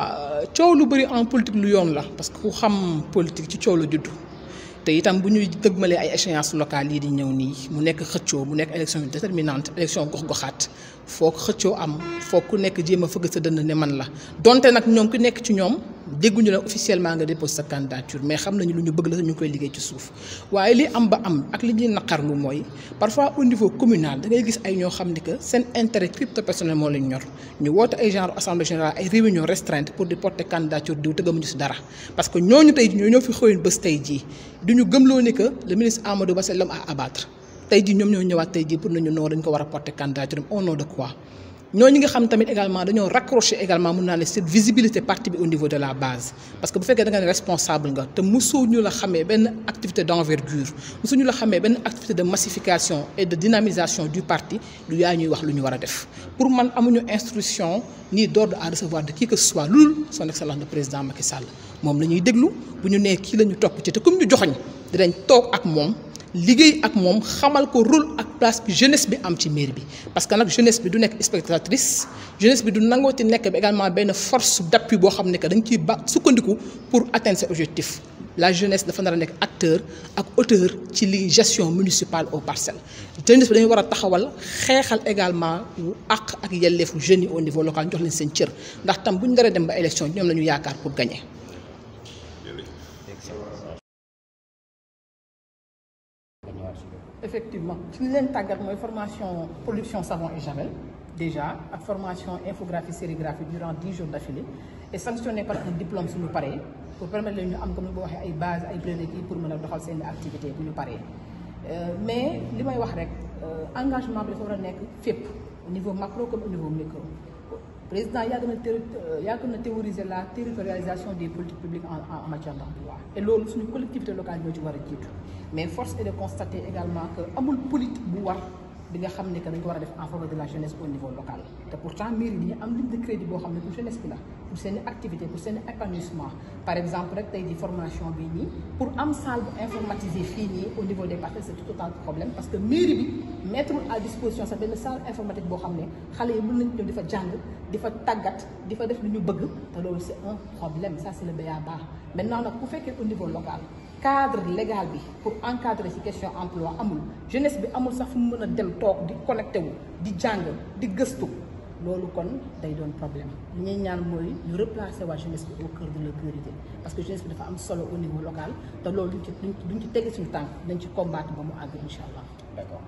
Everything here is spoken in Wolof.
Euh, coow lu bëri en politique lu yoon la parce que ku xam politique ci coow la judd te itam bu ñuy dëgmalee ay échéances locales yi di ñëw nii mu nekk xëccoo mu nekk élection yu déterminante élection gox-goxaat foo ko xëccoo am foo ku nekk jéem a fëgg sa dënd ne man la donte nag ñoom ku nekk ci ñoom. dégguñu la officiellement nga déposé sa candidature mais xam nañu lu bëgg la ñu ngi koy liggéey ci suuf waaye li am ba am ak li ñuy naqarlu moy parfois au niveau communal da ngay gis ay ño xamni que sen intérêt crypto personnel mo leen ñor ñu woote ay genre assemblée générale ay réunion restreinte pour déporter porter candidature diw te ñu ci dara parce que ñoñu tay ñoo ñoo fi xëyoon bëss tay ji duñu gëmlo gëmloo ni que le ministre Amadou Ba a abattre tay ji ñom ñoo ñëwaat tay ji pour nañu noo dañ ko wara porter candidature au nom de quoi nous nga xam tamit également dañu raccrocher également mun naa cette visibilité parti bi au niveau de la base parce que bu fekkee da nga responsable nga te mosoo la xamé ben activité d'envergure mosoo ñu la xamé ben activité de massification et de dynamisation du parti du yaay ñuy wax lu ñu def pour man amuñu instruction ni d'ordre à recevoir de qui que ce soit lul son excellence le président Macky Sall mom lañuy déglu bu ñu nee kii la ñu ci te comme ñu joxoñ dinañ tok ak mom liggéey ak mom xamal ko rôle ak place bi jeunesse bi am ci mairie bi parce que nak jeunesse bi du nek spectatrice jeunesse bi du nangoti nek également ben force d'appui bo xam ne que dañ ci ba sukkandiku pour atteindre ses objectifs la jeunesse dafa nar nek acteur ak auteur ci li gestion municipale au parcelle jeunesse bi dañ wara taxawal xéxal également wu àq ak yelleefu jeunes au niveau local jox leen seen cër ndax tam buñu dara dem ba élection ñom lañu yaakar pour gagner effectivement tu de tàggat formation production savon et javel déjà ak formation infographie sérigraphie durant 10 jours d'affilée et sanctionné par un diplôme le pareil, pour permettre de ñu am comme base, une ay base pour mën a activité pour nous pareil, euh, mais ce que wax rek euh, engagement l'engagement doit être FIP, au niveau macro comme au niveau micro président il y a une euh, la territorialisation des politiques publiques en matière d'emploi Et c'est une collectivité locale qui ci war mais force est de constater également que amul politique bu bi nga que dañ ko wara def en faveur de la jeunesse au niveau local té pourtant mairie dañu am ligne de crédit bo xamné pour jeunesse bi pour seen activité pour seen épanouissement par exemple rek tay di formation bi ni pour am salle bu informatisée fii au niveau des parcelles c'est tout autant de problème parce que mairie bi mettre à disposition sa ben salle informatique bo xamné xalé xale yi mën nañ ñëw di fa jàng di fa di fa def lu ñu bëgg té lolu c'est un problème ça c'est le biais ba maintenant nak ku fekké au niveau local cadre légal bi pour encadrer ci question emploi amul jeunesse bi amul sax fu mu mën a dem toog di connecté wu di jàng di gëstu loolu kon day doon problème li ñuy ñaan mooy ñu replacer waa jeunesse au cœur de leur priorité parce que jeunesse bi dafa am solo au niveau local te loolu duñ ci duñ ci tege suñu tànk dañ ci combattre ba mu àgg incha d'accord.